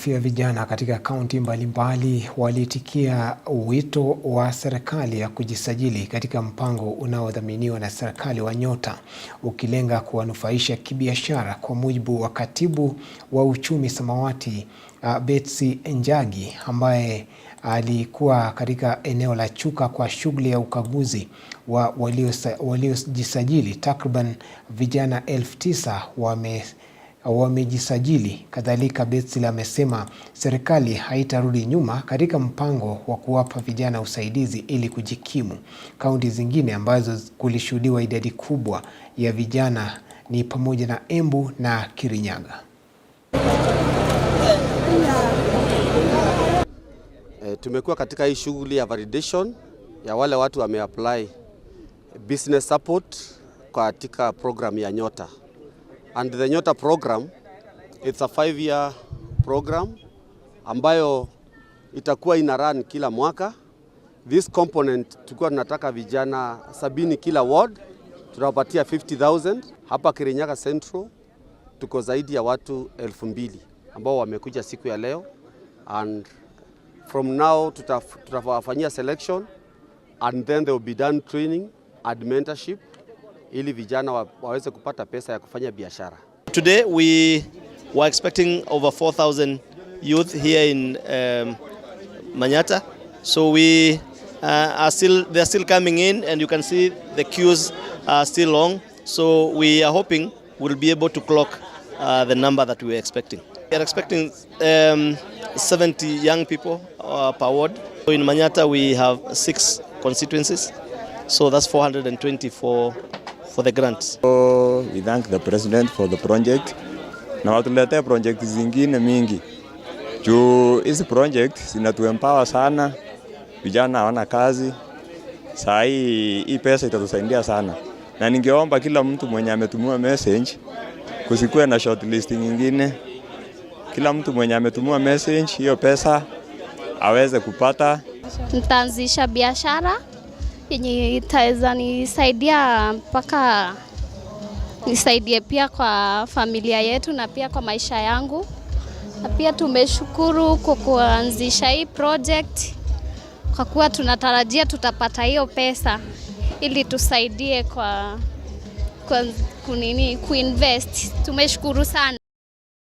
Maelfu ya vijana katika kaunti mbalimbali waliitikia wito wa serikali ya kujisajili katika mpango unaodhaminiwa na serikali wa Nyota, ukilenga kuwanufaisha kibiashara. Kwa mujibu wa Katibu wa Uchumi Samawati, uh, Betsy Njagi ambaye alikuwa katika eneo la Chuka kwa shughuli ya ukaguzi wa waliojisajili, takriban vijana elfu tisa wame wamejisajili. Kadhalika, Betsila amesema serikali haitarudi nyuma katika mpango wa kuwapa vijana usaidizi ili kujikimu. Kaunti zingine ambazo kulishuhudiwa idadi kubwa ya vijana ni pamoja na Embu na Kirinyaga. E, tumekuwa katika hii shughuli ya validation ya wale watu wameapply business support katika program ya Nyota. And the Nyota program it's a five year program ambayo itakuwa ina run kila mwaka. This component tulikuwa tunataka vijana sabini kila ward, tunawapatia 50000 hapa Kirinyaga Central. Tuko zaidi ya watu elfu mbili ambao wamekuja siku ya leo and from now tutawafanyia selection and then there will be done training and mentorship ili vijana wa, waweze kupata pesa ya kufanya biashara. Today we were expecting over 4000 youth here in um, Manyata so we uh, are still they are still coming in and you can see the queues are still long so we are hoping we'll be able to clock uh, the number that we are expecting. We are expecting um, 70 young people uh, per ward. So in Manyata we have six constituencies, so that's 424 for the grant. So we thank the president for the project na watuletea project zingine mingi juu hizi project zinatuempower sana, vijana hawana kazi saa hii, hii pesa itatusaidia sana, na ningeomba kila mtu mwenye ametumiwa message kusikue na shortlist nyingine. Kila mtu mwenye ametumiwa message hiyo pesa aweze kupata. Nitaanzisha biashara yenye itaweza nisaidia mpaka nisaidie pia kwa familia yetu na pia kwa maisha yangu, na pia tumeshukuru kwa kuanzisha hii project, kwa kuwa tunatarajia tutapata hiyo pesa ili tusaidie kwa, kwa kunini kuinvest. Tumeshukuru sana.